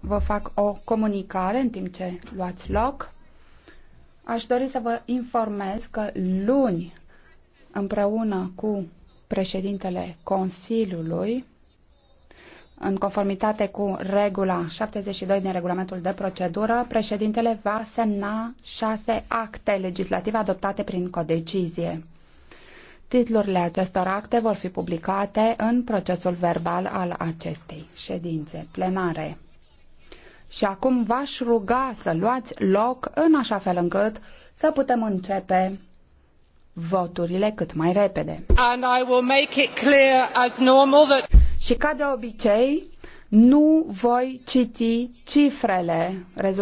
vă fac o comunicare în timp ce luați loc. Aș dori să vă informez că luni, împreună cu președintele Consiliului, în conformitate cu regula 72 din regulamentul de procedură, președintele va semna șase acte legislative adoptate prin codecizie. Titlurile acestor acte vor fi publicate în procesul verbal al acestei ședințe plenare. Și acum v-aș ruga să luați loc în așa fel încât să putem începe voturile cât mai repede. And I will make it clear as normal that... Și ca de obicei, nu voi citi cifrele rezultatele.